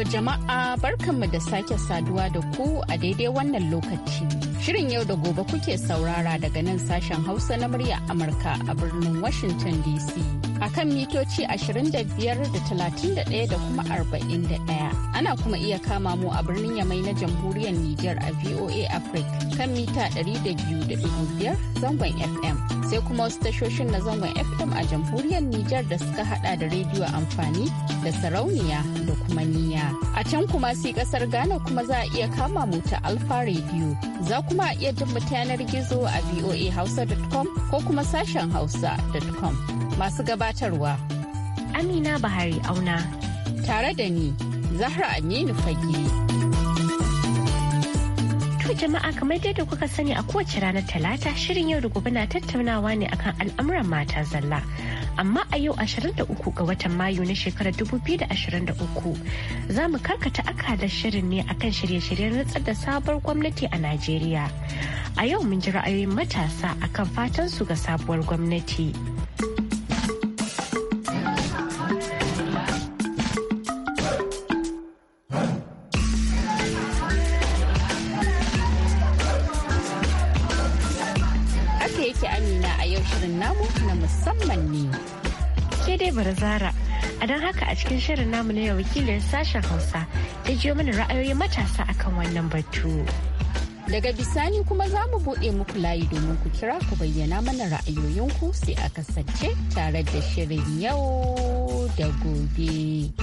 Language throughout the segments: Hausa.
To jama'a barkanmu da sake saduwa da ku a daidai wannan lokaci. Shirin yau da gobe kuke saurara daga nan sashen Hausa na murya Amurka a birnin Washington DC. A kan mitoci 25 da 31 da kuma 41. ana kuma iya kama mu a birnin yamai na jamhuriyar Nijar a VOA Africa kan mita 200.5 zangon FM sai kuma wasu tashoshin na zangon FM a jamhuriyar Nijar da suka hada da rediyo amfani da sarauniya da kuma niya. A can kuma si kasar Ghana kuma za a iya kama mu ta Alfa rediyo za kuma a iya jin yanar gizo a voahausa.com ko kuma sashen hausa.com masu gabatarwa. Amina Bahari Auna. Tare da ni Zahra Aminu Fage. To jama'a kamar da kuka sani a kowace ranar talata shirin yau da gobe na tattaunawa ne akan al'amuran mata zalla. Amma a yau 23 ga watan Mayu na shekarar 2023 za mu karkata akalar shirin ne akan shirye-shiryen rantsar da sabuwar gwamnati a Najeriya. A yau mun ji ra'ayoyin matasa akan fatan su ga sabuwar gwamnati. Bar Zara. A don haka a cikin shirin namu na yau wakilin sashen Hausa ta jiyo mana ra'ayoyin matasa akan wannan batu. Daga bisani kuma za mu buɗe muku layi domin ku kira ku bayyana mana ra'ayoyinku sai a kasance tare da shirin yau da gobe.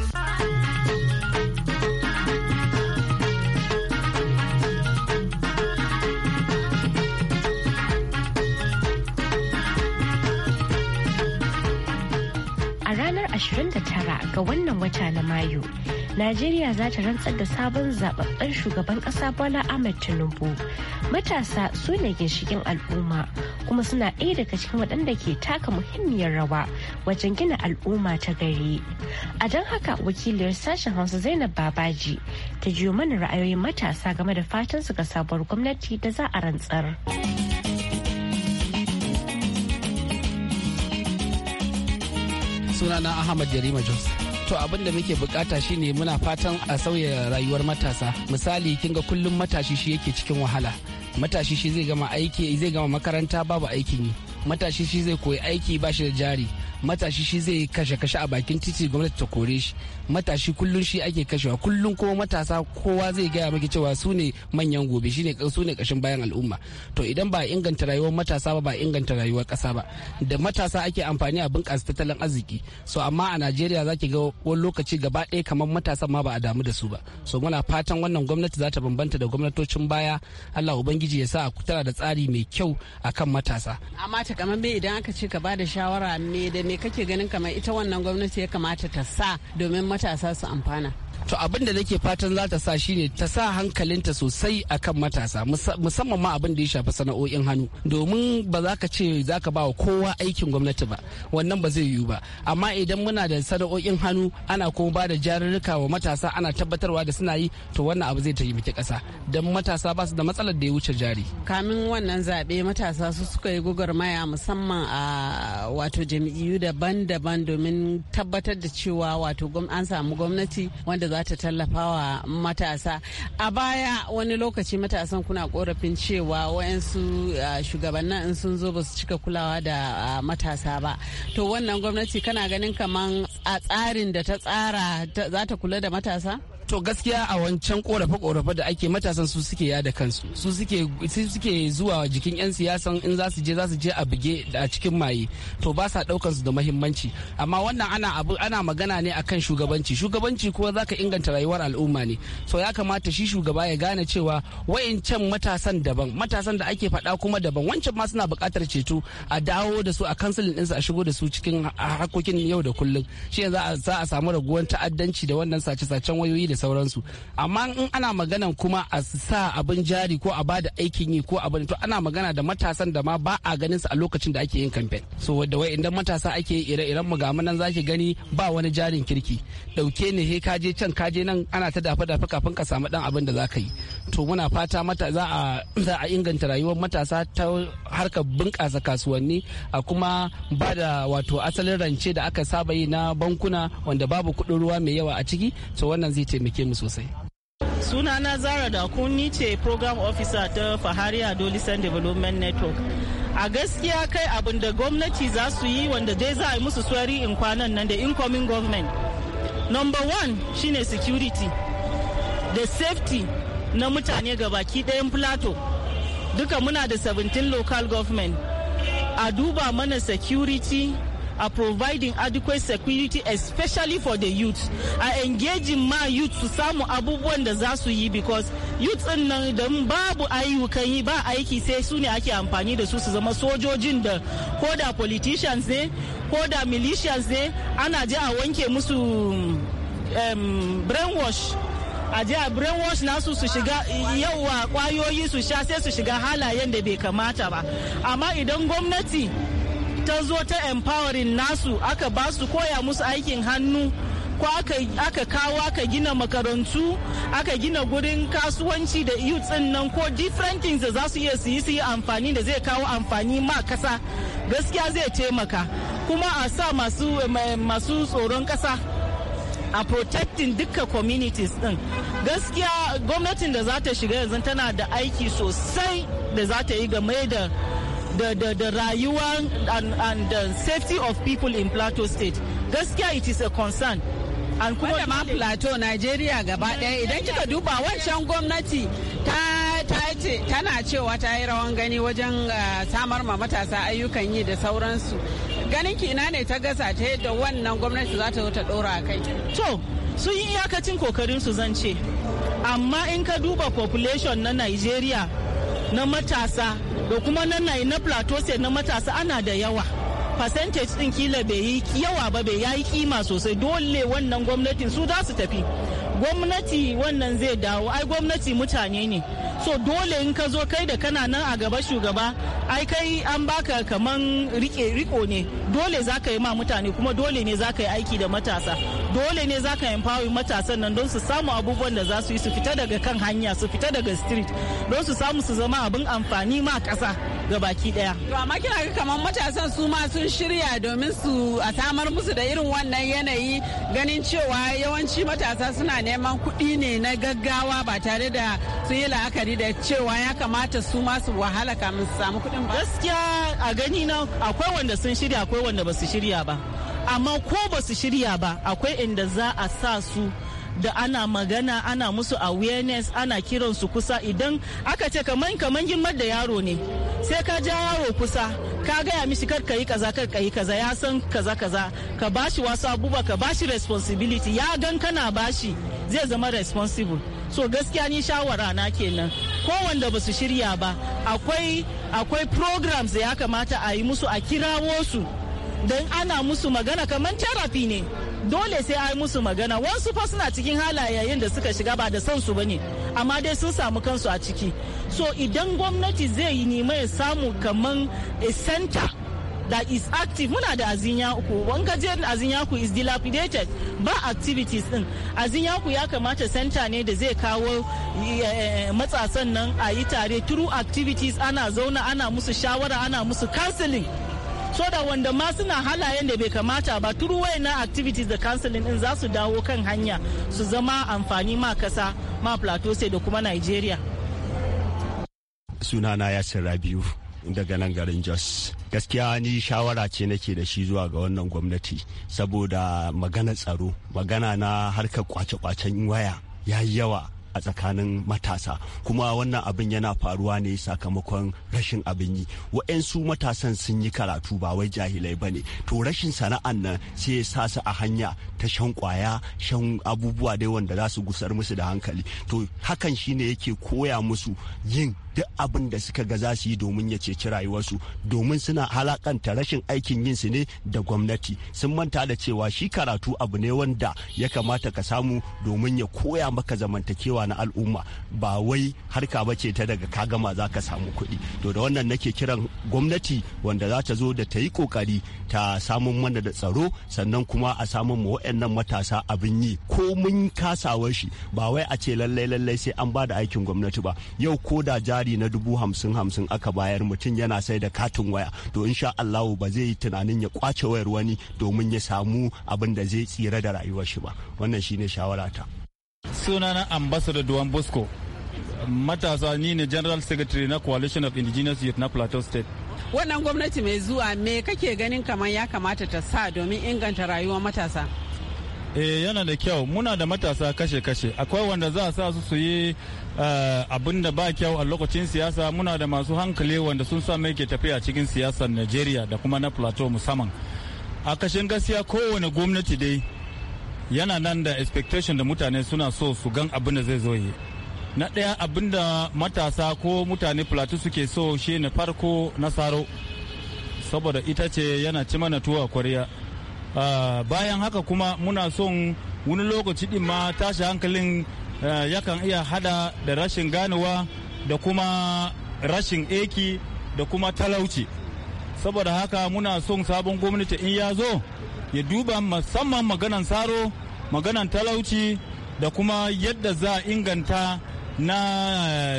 29 ga wannan wata na Mayu, Najeriya za ta rantsar da sabon zababben shugaban ƙasa Bola Ahmed Tinubu. Matasa su ne ginshikin al'umma kuma suna ɗaya daga cikin waɗanda ke taka muhimmiyar rawa wajen gina al'umma ta gari. A don haka wakiliyar sashen Hausa Zainab Babaji ta jiyo mana ra'ayoyin matasa game da fatan su ga sabuwar gwamnati da za a rantsar. sunana ahmad jarima Jos to abin da muke bukata shine muna fatan a sauya rayuwar matasa misali kin ga kullum matashi shi yake cikin wahala matashi shi zai gama aiki zai gama makaranta babu aikin yi matashi shi zai koyi aiki bashi da jari matashi shi zai kashe kashe a bakin titi gwamnati ta kore shi matashi kullum shi ake kashewa kullum kuma matasa kowa zai gaya maki cewa su ne manyan gobe shine su ne kashin bayan al'umma to idan ba inganta rayuwar matasa ba ba inganta rayuwar kasa ba da matasa ake amfani a bunƙasa tattalin arziki so amma a Najeriya ki ga wani lokaci gaba ɗaya kamar matasan ma ba a damu da su ba so muna fatan wannan gwamnati za ta bambanta da gwamnatocin baya Allah ubangiji ya sa a kutara da tsari mai kyau akan matasa amma ta idan aka ce ka ba da shawara me da me kake ganin kamar ita wannan gwamnati ya kamata ta sa domin matasa su amfana to abin da nake fatan za ta sa shine ta sa hankalinta sosai akan matasa musamman ma abin da ya shafi sana'o'in hannu domin ba za ka ce za ka ba wa kowa aikin gwamnati ba wannan ba zai yiwu ba amma idan muna da sana'o'in hannu ana kuma ba da jarurruka wa matasa ana tabbatarwa da suna yi to wannan abu zai taimaki ƙasa don matasa ba su da matsalar da ya wuce jari kamin wannan zaɓe matasa su suka yi gwagwarmaya musamman a wato jam'iyyu daban-daban domin tabbatar da cewa wato an samu gwamnati wanda za ta tallafa wa matasa a baya wani lokaci matasan kuna korafin cewa wayansu uh, shugabannin in sun zo ba su cika kulawa da uh, matasa ba to wannan gwamnati kana ganin kaman a tsarin da ta tsara za ta kula da matasa to gaskiya a wancan korafe-korafe da ake matasan su suke yada kansu su suke zuwa jikin 'yan siyasan in za su je za su je a buge a cikin maye to ba sa daukan su da mahimmanci amma wannan ana abu ana magana ne akan shugabanci shugabanci kuma zaka inganta rayuwar al'umma ne so ya kamata shi shugaba ya gane cewa wayancan matasan daban matasan da ake faɗa kuma daban wancan ma suna buƙatar ceto a dawo da su a kansulin ɗinsu a shigo da su cikin harkokin yau da kullum shi za a samu raguwar ta'addanci da wannan sace-sacen wayoyi da sauransu amma in ana magana kuma a sa abin jari ko a bada aikin yi ko abin to ana magana da matasan da ma ba a ganin su a lokacin da ake yin kamfen so da wai idan matasa ake ire-iren mu ga nan zaki gani ba wani jarin kirki dauke ne he ka je can ka je nan ana ta dafa dafa kafin ka samu dan abin da zaka yi to muna fata mata za a za a inganta rayuwar matasa ta harkar bunƙasa kasuwanni a kuma ba da wato asalin rance da aka saba yi na bankuna wanda babu kuɗin ruwa mai yawa a ciki to wannan zai taimaka taimake mu sosai suna na zara da ni ce program officer ta fahari adolescent development network a gaskiya kai abin da gwamnati za su yi wanda dai za a yi musu swari in kwanan nan da incoming government number one shine security da safety na mutane gabaki ɗayan plato duka muna da 17 local government a duba mana security are providing adequate security especially for the youth a engaging ma youth su samu abubuwan da za su yi because youth din nan da babu ayyukan yi ba aiki sai su ne ake amfani da su su zama sojojin da ko da politicians ne ko da militias ne ana je a wanke musu um, brainwash a je a brainwash nasu su shiga yauwa kwayoyi su sha sai su shiga halayen da bai kamata ba amma idan gwamnati ta zo ta empowering nasu aka ba su koya musu aikin hannu ko aka kawo aka gina makarantu aka gina gurin kasuwanci da youth din nan ko different things da za su iya su yi su yi amfani da zai kawo amfani ma kasa gaskiya zai taimaka kuma a sa masu masu tsoron kasa a protecting dukkan communities din gaskiya gwamnatin da za ta shiga yanzu tana da aiki sosai da za ta yi game da the, the, the rayuwa and, and the safety of people in plateau state gaskiya it is a concern and kuma ma plateau nigeria gaba daya idan kika duba wancan gwamnati ta tana cewa ta yi rawan gani wajen eh, samar ma matasa ayyukan yi da sauransu ganin ki ina ne ta gasa ta yadda wannan gwamnati za ta zo ta dora kai to sun yi iyakacin kokarin su zan ce amma in ka duba population na nigeria na matasa da kuma na yi na plateau na matasa ana da yawa percentage din kila bai yi yawa ba bai yayi kima sosai dole wannan gwamnatin su za su tafi gwamnati wannan zai dawo ai gwamnati mutane ne so dole in ka zo kai da kana nan a gaba shugaba ai kai an baka kaman rike riko ne dole za ka yi ma mutane kuma dole ne za ka yi aiki da matasa dole ne za ka empower matasan nan don su samu abubuwan da za su yi su fita daga kan hanya su fita daga street don su samu su zama abin amfani ma kasa. ga baki daya. To amma kina ga kamar matasan su ma sun shirya domin su a samar musu da irin wannan yanayi ganin cewa yawanci matasa suna neman kuɗi ne na gaggawa ba tare da sun yi la'akari da cewa ya kamata su ma su wahala kamin su samu kuɗin ba. Gaskiya a gani na akwai wanda sun shirya akwai wanda ba su shirya ba. Amma ko ba su shirya ba akwai inda za a sa su da ana magana ana musu awareness ana kiran su kusa idan aka ce kaman kaman girmar da yaro ne sai ka ja yaro kusa ka gaya mishi kar ka yi kaza kar ka yi kaza ya san kaza kaza ka bashi wasu abubuwa ka bashi responsibility ya gan kana bashi zai zama responsible so gaskiya ni shawara na kenan ko wanda ba shirya ba akwai akwai programs da ya kamata a yi musu a kirawo su don ana musu magana kamar tarafi ne dole sai ai musu magana wasu fa suna cikin halayayen da suka shiga ba da son su bane amma dai sun samu kansu a ciki so idan gwamnati zai yi nima ya samu kaman a center that is active muna da azinyaku wanka je azinyaku is dilapidated ba activities din azinyaku ya kamata center ne da zai kawo eh, eh, matsasan nan a yi tare through activities ana zauna ana musu shawara ana musu counseling so da wanda ma suna halayen da bai kamata ba turu na activities da counseling din za su dawo kan hanya su zama amfani ma kasa ma plateau sai da kuma nigeria suna na ya biyu daga nan garin jos gaskiya ni shawara ce nake da shi zuwa ga wannan gwamnati saboda magana tsaro magana na harkar kwace-kwacen waya ya yi yawa a tsakanin matasa kuma wannan abin yana faruwa ne sakamakon rashin abin yi wa'yansu matasan sun yi karatu ba wai jahilai ba ne to rashin sana'an nan sai ya sa su a hanya ta shan kwaya shan abubuwa dai wanda za su gusar musu da hankali to hakan shine yake koya musu yin duk abin da suka ga za su yi domin ya ceci rayuwarsu domin suna halakanta rashin aikin yin su ne da gwamnati sun manta da cewa shi karatu abu ne wanda ya kamata ka samu domin ya koya maka zamantakewa na al'umma ba wai harka ba ce ta daga ka gama za ka samu kuɗi to da wannan nake kiran gwamnati wanda za ta zo da ta yi kokari ta samun mana da tsaro sannan kuma a samun mu waɗannan matasa abin yi ko mun kasawar shi ba wai a ce lallai lallai sai an ba da aikin gwamnati ba yau ko da jari misali na dubu hamsin hamsin aka bayar mutum yana sai da katin waya to insha allahu ba zai yi tunanin ya kwace wayar wani domin ya samu abin da zai tsira da rayuwar shi ba wannan shine shawarata sunana ambassador duwan bosco matasa ni ne general secretary na coalition of indigenous youth na plateau state wannan gwamnati mai zuwa me kake ganin kamar ya kamata ta sa domin inganta rayuwar matasa eh yana da kyau muna da matasa kashe-kashe akwai wanda za a sa su su yi eh, abin da ba kyau a lokacin siyasa muna da masu hankali wanda sun sa mai ke tafiya cikin siyasar najeriya da kuma na plateau musamman a kashin gaskiya kowane gwamnati dai yana nan da expectation da mutane suna so su gan abin da zai zo yi na ɗaya abin da matasa ko mutane plateau suke so shi na farko na saro saboda ita ce yana ci mana tuwa kwarya Ah, bayan haka kuma muna son wani lokaci din ma tashi hankalin ah, yakan iya hada da rashin ganewa da kuma rashin eki da kuma talauci saboda haka muna son sabon gwamnati in ya zo ya duba musamman maganan saro maganan talauci da kuma yadda za a inganta na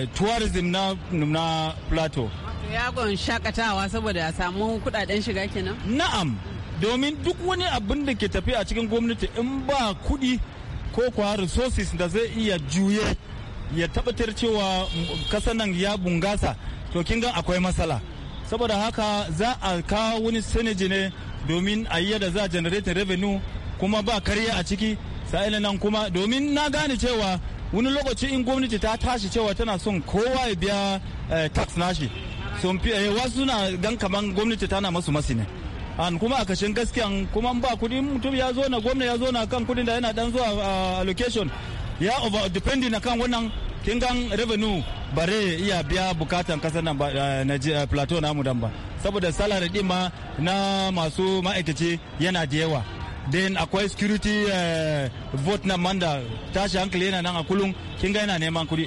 eh, tourism na, na plateau ya shakatawa saboda a samu kudaden shiga kenan na'am domin duk wani abin da ke tafi a cikin gwamnati in ba kudi ko kuwa resources da zai iya juye ya tabbatar cewa kasa nan ya bungasa to kin ga akwai matsala saboda haka za a kawo wani sanaji ne domin a yi yadda za a generate revenue kuma ba karya a ciki sa'ilin nan kuma domin na gane cewa wani lokaci in gwamnati ta tashi cewa tana son kowa ya biya eh, tax nashi sun eh, wasu na gan kaman gwamnati tana masu masi ne an kuma a kashin gaskiyan kuma ba kudin mutum ya zo na gwamna ya zo na kan kudin da yana dan zuwa ah, allocation ya over depending na kan wannan kingan revenue bare iya biya bukatan kasar nan na ah, ah, plateau namu dan ba saboda salary din ma na masu ma'aikaci yana da yawa den akwai security eh, vote na manda tashi hankali yana nan a kullum kinga yana neman kudi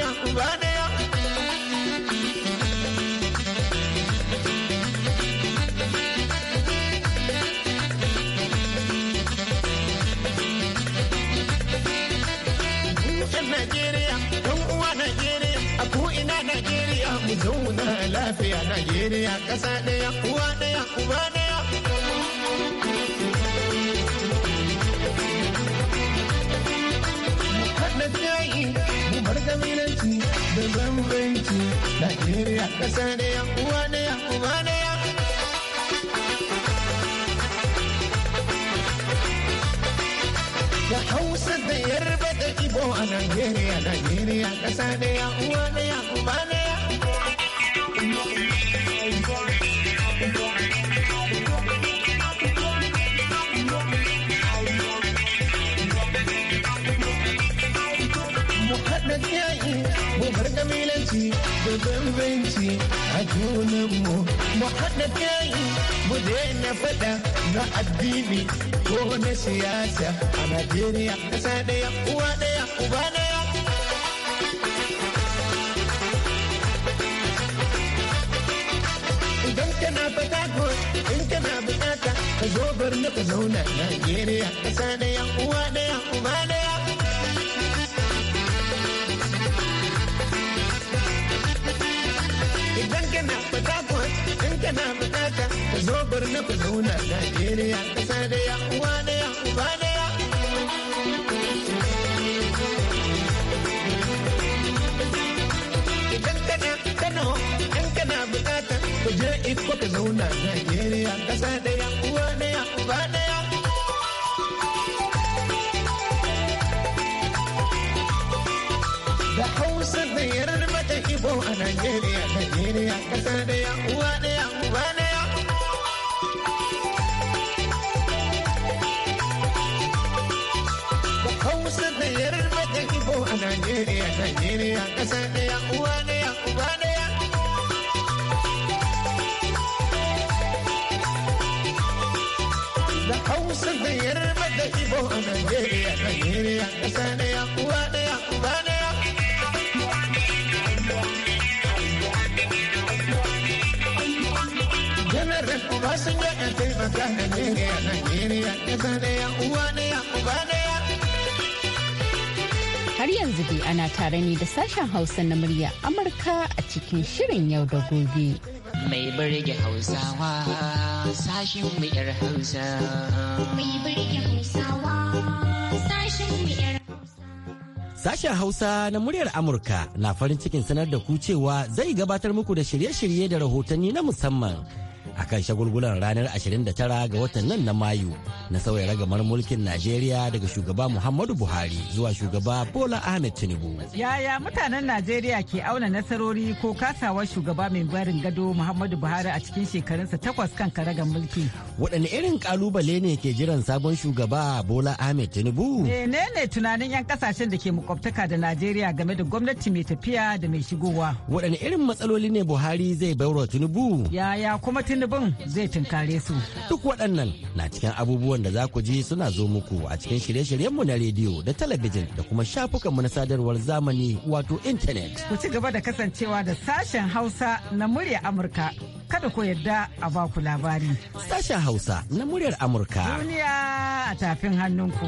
lafiya Najeriya ƙasa ɗaya uwa ɗaya uba ɗaya. mu bar da bambanci Najeriya ƙasa ɗaya uwa ɗaya uba ɗaya. Da Hausa da Yarba da Ibo a Najeriya, Najeriya ƙasa ɗaya uwa ɗaya uba ɗaya. ci da bambanci a junanmu mu haɗa kai mu daina faɗa na addini ko na siyasa a Najeriya ƙasa ɗaya uwa ɗaya uba ɗaya. kana bukata ka zo bar na ka zauna Najeriya ƙasa ɗaya uwa ɗaya uba ɗaya. Fatakwal in kana bukata ka zo bar na ku zauna Najeriya ƙasa daya uwa ya, uba ya. Idan kana Kano in kana bukata ku je iko ka zauna Najeriya ƙasa daya uwa ya, uba ya. Da Hausa da yarar mata Ibo a Najeriya. Najeriya ƙasa ɗaya uwa ɗaya uba ɗaya. Da Hausa da Yarba da Ibo a Najeriya, Najeriya ƙasa ɗaya uwa ɗaya uba ɗaya. Da Hausa da Yarba da Ibo a Najeriya, Najeriya ƙasa ɗaya. sun yada taimaka Najeriya, Najeriya, ƙasa ɗaya, uwa ɗaya, uba ɗaya. Har yanzu dai ana tare ne da sashen Hausa na murya Amurka a cikin shirin yau da gobe. Mai birge Hausawa, sashen mu yar Hausa. Mai birge Hausawa, sashen mu yar Sashen Hausa na muryar Amurka na farin cikin sanar da ku cewa zai gabatar muku da shirye-shirye da rahotanni na musamman a kan shagulgulan ranar 29 ga watan nan na Mayu na sauya ragamar mulkin Najeriya daga shugaba Muhammadu Buhari zuwa shugaba Bola Ahmed Tinubu. Yaya mutanen Najeriya ke auna nasarori ko kasawar shugaba mai barin gado Muhammadu Buhari a cikin shekarunsa takwas kan karagar mulki? Waɗanne irin kalubale ne ke jiran sabon shugaba Bola Ahmed Tinubu? Menene tunanin 'yan kasashen da ke makwabtaka da Najeriya game da gwamnati mai tafiya da mai shigowa? Waɗanne irin matsaloli ne Buhari zai baiwa Tinubu? Yaya kuma Tinubu daban zai tunkare su. Duk waɗannan na cikin abubuwan da za ku ji suna zo muku a cikin shirye-shiryenmu na rediyo da talabijin da kuma shafukanmu na sadarwar zamani wato intanet. Ku ci gaba da kasancewa da sashen Hausa na murya Amurka. Kada ku yarda a ba ku labari. Sashen Hausa na muryar Amurka. Duniya a tafin hannunku.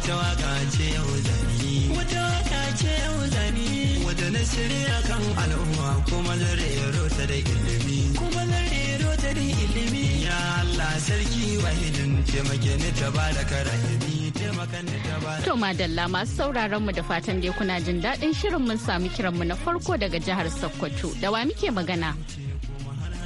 wata waka ce yau zani wata waka ce yau zani wata na shirya kan al'umma kuma zan rero ta da ilimi kuma zan rero ta da ilimi ya Allah sarki wahidin taimake ni ta ba da karahimi To madalla masu sauraron mu da fatan dai kuna jin daɗin shirin mun samu kiran mu na farko daga jihar Sokoto da wa muke magana.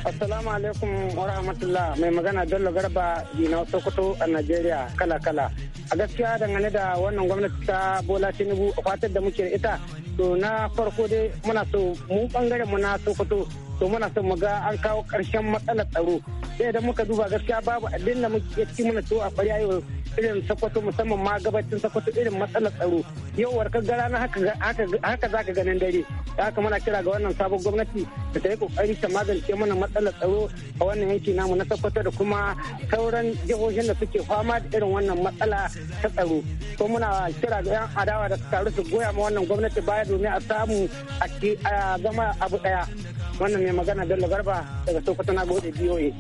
Assalamu alaikum wa rahmatullah mai magana Bello Garba Dina Sokoto a Najeriya kala kala. a gaskiya dangane da wannan gwamnati ta bola tinubu a fatar da muke ita to na farko dai muna so mu bangaren mu na sokoto to muna son mu ga an kawo karshen matsalar tsaro sai idan muka duba gaskiya babu abin da muke ci mana to a kwarya yau irin sakwato musamman ma gabacin sakwato irin matsalar tsaro yau warka gara na haka za ka ganin dare haka muna kira ga wannan sabon gwamnati da ta yi kokari ta magance mana matsalar tsaro a wannan yanki namu na sakwato da kuma sauran jihohin da suke fama da irin wannan matsala ta tsaro ko muna kira ga yan adawa da su taru su goya ma wannan gwamnati baya domin a samu a zama abu daya wannan mai magana bello garba daga sokoto na gode boa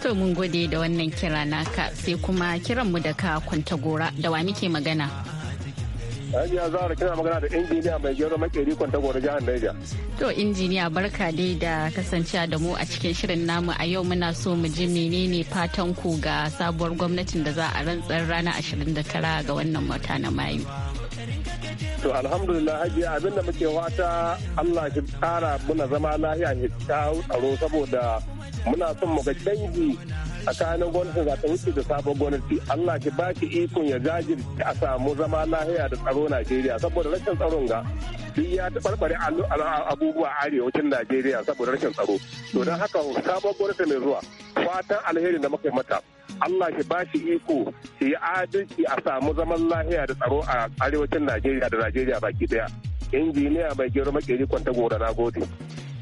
to mun gode da wannan kira naka sai kuma kiran mu kwanta gora da wa muke magana Hajiya kina magana da injiniya mai gero makeri kwanta jihar Niger. To injiniya barka dai da kasancewa da mu a cikin shirin namu a yau muna so mu ji menene fatan ku ga sabuwar gwamnatin da za a rantsar ranar 29 ga wannan wata na Mayu. To alhamdulillah hajiya abinda muke wata Allah shi kara muna zama lahiya ya tsaro saboda muna son mu ga canji tsakanin gwamnati za ta wuce da sabon gwamnati Allah ki ba ki ikon ya jajirce a samu zama lahiya da tsaro Najeriya saboda rashin tsaron ga duk ya tabarbare abubuwa arewacin Najeriya saboda rashin tsaro to don haka sabon gwamnati mai zuwa fatan alheri da muka mata Allah shi ba shi iko shi yi adalci a samu zaman lahiya da tsaro a arewacin Najeriya da Najeriya baki daya injiniya mai gero makeri kwanta gora na gode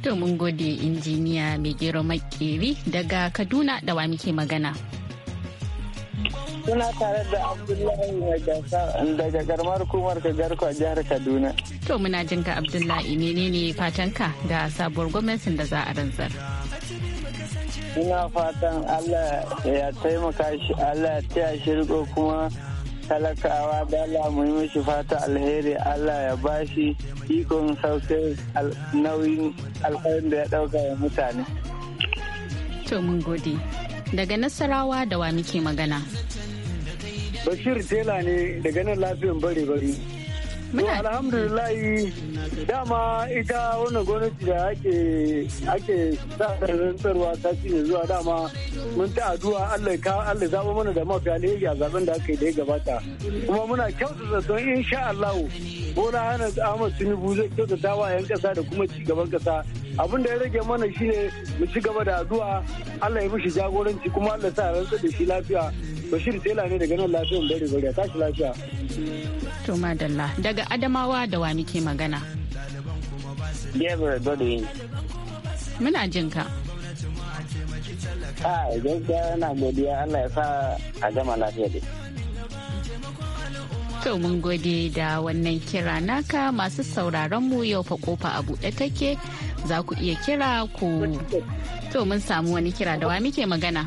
To mun gode injiniya mai gero makeri daga Kaduna da wa muke magana. Suna tare da Abdullahi daga garmar hukumar garko a jihar Kaduna. To muna jin ka Abdullahi menene fatanka da sabuwar gwamnatin da za a rantsar. Ina fatan Allah ya taimaka shi Allah ya taya shi kuma talakawa da Allah mu yi mishi fata alheri Allah ya bashi ikon sauke nauyin alkawarin da ya dauka ya mutane. To mun gode. Daga Nasarawa da wa muke magana. Bashir Tela ne daga nan lafiyan bari bari. alhamdulillah dama ita wannan gwamnati da ake ake sa rantsarwa ta ne zuwa dama mun ta addu'a Allah ka Allah zaba mana da mafi alheri a zaben da aka yi da ya gabata kuma muna kyautata don insha Allah na Hana Ahmad Tinubu zai kyautata wa 'yan kasa da kuma ci gaban kasa abin da ya rage mana shine mu ci gaba da addu'a Allah ya mishi jagoranci kuma Allah sa rantsar da shi lafiya bashir tela ne daga nan lafiyan bari bari a tashi lafiya to madalla daga adamawa da wa muke magana Deborah Godwin. Muna jin ka. A ah, gaskiya na godiya Allah ya sa a gama lafiya dai. To mun gode da wannan kira naka masu sauraron mu yau fa kofa a buɗe take za ku iya kira ku. To mun samu wani kira da wa muke magana.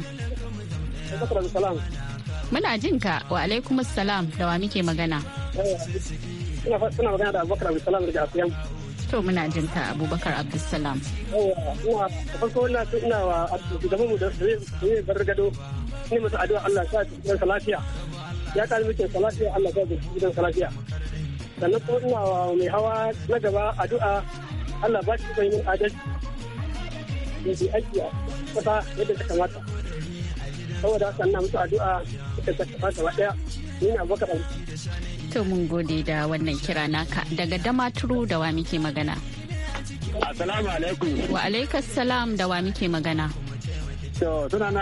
Muna jin ka wa alaikum salam da wa muke magana. Ina magana da Abubakar Abdulsalam daga Asiyan. To muna jin ka Abubakar Abdulsalam. Ina farko ina ina wa gaban mu da zai bar gado ne masa addu'a Allah sa gidan salafiya. Ya ta zama ke salafiya Allah sa gidan salafiya. Sannan ko ina wa mai hawa na gaba addu'a Allah ba shi bayin adalci. Da aiki a kasa yadda ta kamata. Saboda sannan mutu addu'a da to mun gode da wannan kira naka daga damaturu da wa muke magana assalamu alaikum wa alaikas salam da wa muke magana to suna na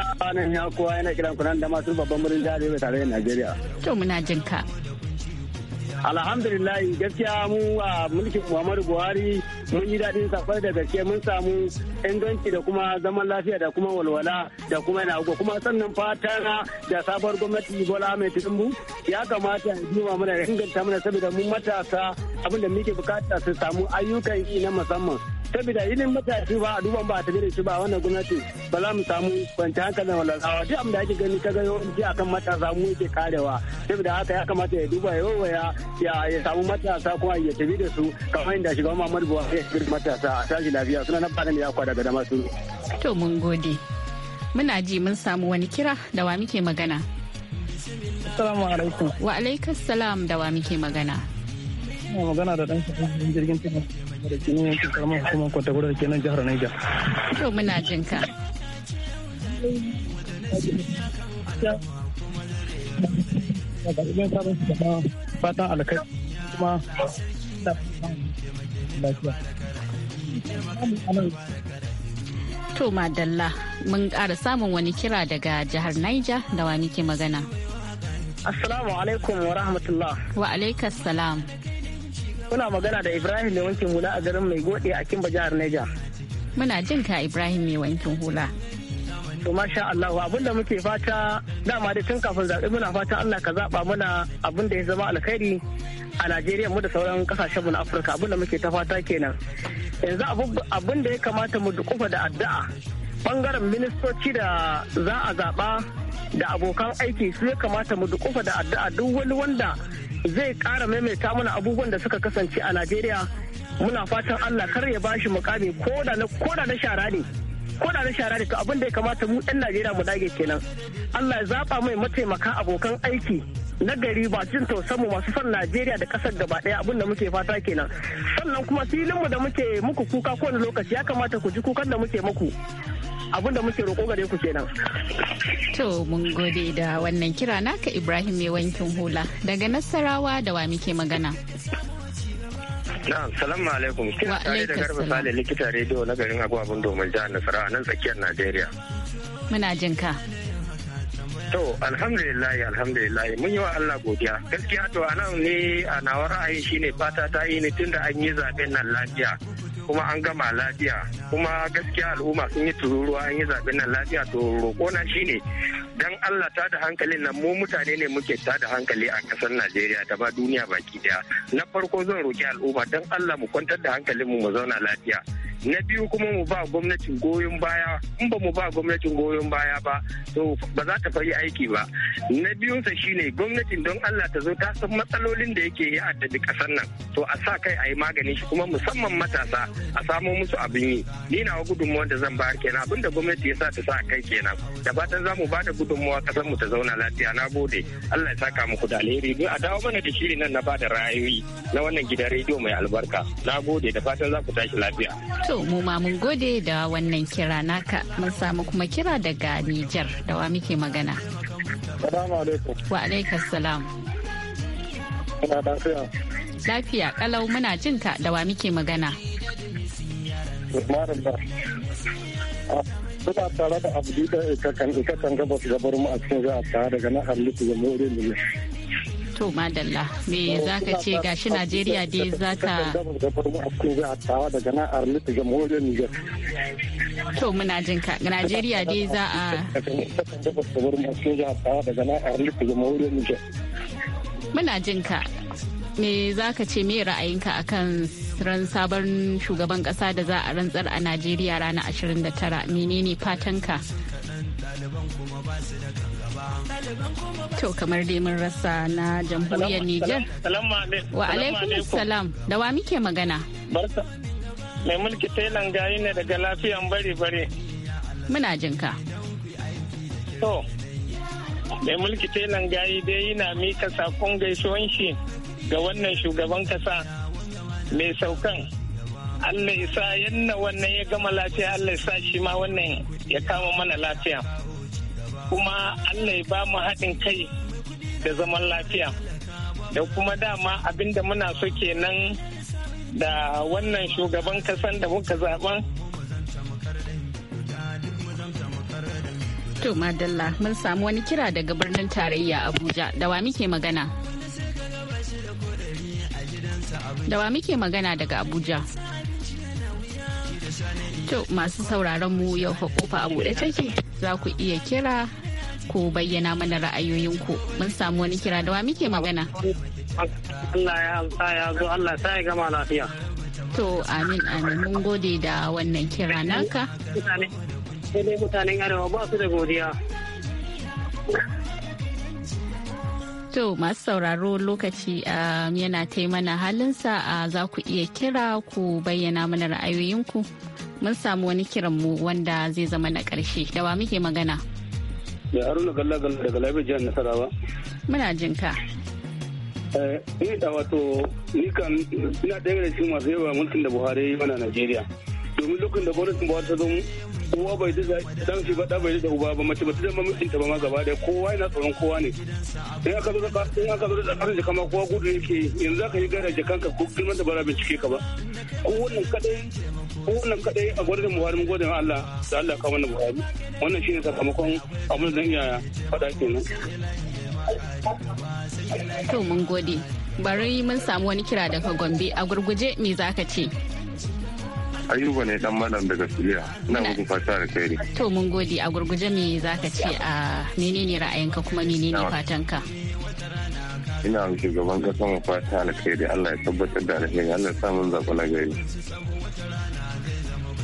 ya kowa yana kiran kunan da masu babban murin jari mai tare da Najeriya to muna jinka. ka alhamdulillah gaskiya mu a mulkin muhammadu buhari mun yi daɗin safar da gaske mun samu inganci da kuma zaman lafiya da kuma walwala da kuma yana kuma sannan fatana da sabuwar gwamnati bola mai tinubu ya kamata ya mana da inganta mana saboda mu matasa abin da muke bukata su samu ayyukan yi na musamman saboda ilimin matashi ba a duban ba a tafi da shi ba wannan gwamnati ba za mu samu kwanci hankalin walalawa duk abin da ake gani ka ga a akan matasa mu yake karewa saboda haka ya kamata ya duba yau ya ya samu matasa kuma ya tafi da su kamar yadda shugaban Muhammadu buwa ya tafi matasa a tashi lafiya suna nan fadan ya kwada daga dama su. To mun gode. Muna ji mun samu wani kira da wa muke magana. Assalamu alaikum. Wa alaikas salam da wa muke magana. Magana da ɗan jirgin tafiya. To muna jin ka. fatan alkai kuma Madalla mun ƙara samun wani kira daga jihar Niger da wa ke magana. Assalamu alaikum wa rahmatullah. Wa alaikas salam. Kuna magana da Ibrahim mai wankin hula a garin mai gode a Kimba jihar Neja. Muna jin ka Ibrahim mai wankin hula. to masha Allah abinda muke fata dama da tun kafin zaɓe muna fata Allah ka zaɓa mana abin da ya zama alkhairi a Najeriya mu da sauran kasashen mu na Afirka abinda muke ta fata kenan yanzu abin da ya kamata mu dukufa da addu'a bangaren ministoci da za a zaɓa da abokan aiki su ya kamata mu dukufa da addu'a duk wani wanda zai kara maimaita mana abubuwan da suka kasance a najeriya muna fatan allah kar ya bashi mukami ko da na shara ne koda na shara ne to abin da ya kamata mu 'yan najeriya mu dage kenan allah ya zaba mai mataimaka abokan aiki na gari ba jin mu masu son Najeriya da kasar gaba ɗaya abin da muke fata kenan. Sannan kuma filin mu da muke muku kuka kowane lokaci ya kamata ku ji kukan da muke muku. abinda muke roƙo gare ku kenan to mun gode da wannan kira naka ibrahim mai wankin hula daga nasarawa da wa muke magana Na'am, salamu alaikum. Kina tare da Garba Sale likita rediyo na garin Agwabun Domin jihar Nasarawa nan tsakiyar Najeriya. Muna jin ka. To, alhamdulillahi alhamdulillahi mun yi wa Allah godiya. Gaskiya to anan ne a nawa ra'ayi shine fata ta yi ni tunda an yi zaben nan lafiya. kuma an gama lafiya kuma gaskiya al'umma sun yi tururuwa an yi zaɓen nan lafiya to roƙo na shi ne dan Allah ta da hankalin nan mu mutane ne muke ta da hankali a ƙasar Najeriya ta ba duniya baki daya na farko zan roƙi al'umma dan Allah mu kwantar da hankalin mu mu zauna lafiya na biyu kuma mu ba gwamnatin goyon baya in ba mu ba gwamnatin goyon baya ba to ba za ta fari aiki ba na biyunsa shine gwamnatin don Allah ta zo ta san matsalolin da yake ya addabi kasar nan to a sa kai a yi maganin shi kuma musamman matasa a samo musu abin yi ni na wa gudunmuwa da zan bayar kenan abinda gwamnati ya sa ta sa kai kenan da fatan za mu ba da gudunmuwa kasar mu ta zauna lafiya na gode Allah ya saka muku da alheri don a dawo mana da shiri nan na ba da ra'ayoyi na wannan gidan rediyo mai albarka na gode da fatan za ku tashi lafiya To mu ma mun gode da wannan kira naka mun samu kuma kira daga Nijar da wa muke magana. Salamu alaikum. Wa alaikum salam. Ina lafiya. Lafiya kalau muna jin ka da wa muke magana. Malam ba. Ah, suna tare da abu da ita kan ikakan ikakan gabas gabar mu a cikin za a tare daga nan Halittu Jamhuriyar ne. to madalla me za ka ce gashi najeriya dai za ka to muna jin ka najeriya dai za a muna jin ka me za ka ce me ra'ayinka akan ran sabon shugaban kasa da za a rantsar a najeriya ranar 29 menene fatanka To kamar dai mun rasa na jamhuriyar Nijar. Wa alaikum salam. Da wa muke magana? Barka. Mai mulki Tailan gayi ne daga lafiyan bari bare. Muna jinka. To, mai mulki Tailan gayi dai yana mika sakon gaisuwan shi ga wannan shugaban kasa mai saukan. Allah ya sa yanna wannan ya gama lafiya Allah ya sa shi ma wannan ya kama mana lafiya. kuma allah ya ba mu haɗin kai da zaman lafiya da kuma dama abinda muna so kenan da wannan shugaban kasan da muka zaben To Madalla mun samu wani kira daga birnin tarayya Abuja da wa muke magana? Da wa muke magana daga Abuja? To masu sauraron mu yau kofa a buɗe take za ku iya kira ku bayyana mana ra'ayoyinku mun samu wani kira da wa muke magana. Allah ya amsa ya zo Allah ta gama lafiya. To amin amin mun gode da wannan kira naka. dai mutanen arewa ba su da godiya. To masu sauraro lokaci um, yana taimana halinsa a za ku iya kira ku bayyana mana ra'ayoyinku. Mun samu wani kiranmu wanda zai zama na ƙarshe da wa muke magana. da haruna galla galla daga lafiyar jihar nasarawa muna jin ka eh da eh, wato ni kan ina ɗaya da cikin masu yawa mulkin da buhari yi mana najeriya domin lokacin da gwamnatin buhari ta zo kowa bai ji dan shi ba da bai ji da uba ba mace ba ta zama mijinta ba ma gaba daya kowa yana tsoron kowa ne in aka zo da in aka zo da tsarin jaka kowa gudu yake yanzu aka yi gara jakanka ko girman da bara bincike ka ba ko wannan kadai wannan kadai a gwada buhari mun gode Allah da Allah kawo mana buhari wannan shine sakamakon abin da iya faɗa kenan to mun gode bari mun samu wani kira daga gombe a gurguje me zaka ce ayuba ne dan madam daga filiya na muku fata da kai to mun gode a gurguje me zaka ce a menene ra'ayinka kuma menene fatanka ina wa shugaban kasa mu fata alkhairi Allah ya tabbatar da alheri Allah ya sa mun na gari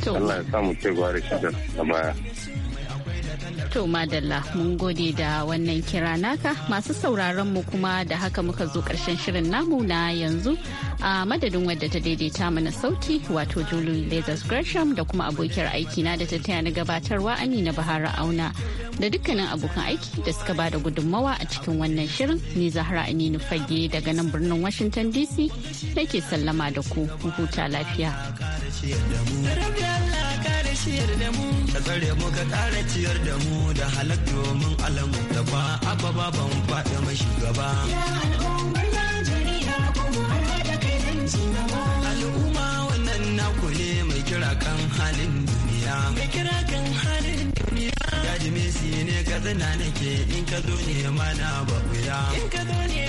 Allah ya samu cewa da shi da baya. To Madalla mun gode da wannan kira naka masu sauraron mu kuma da haka muka zo karshen shirin namu na yanzu a madadin wadda ta daidaita mana sauti wato Julie Lazarus Gresham da kuma abokiyar aiki na da ta taya na gabatarwa Amina Bahara Auna da dukkanin abokan aiki da suka bada gudunmawa a cikin wannan shirin ni Zahra Aminu Fage daga nan birnin Washington DC nake sallama da ku huta lafiya. ciyar da mu ka tsare mu ka ƙara ciyar da mu da halak domin alamu da ba ababa ban faɗa mai shugaba al'umma wannan naku ne mai kira kan halin duniya mai kira kan halin duniya ya ji mesi ne ka zana nake in ka zo ne mana ba wuya in ka zo ne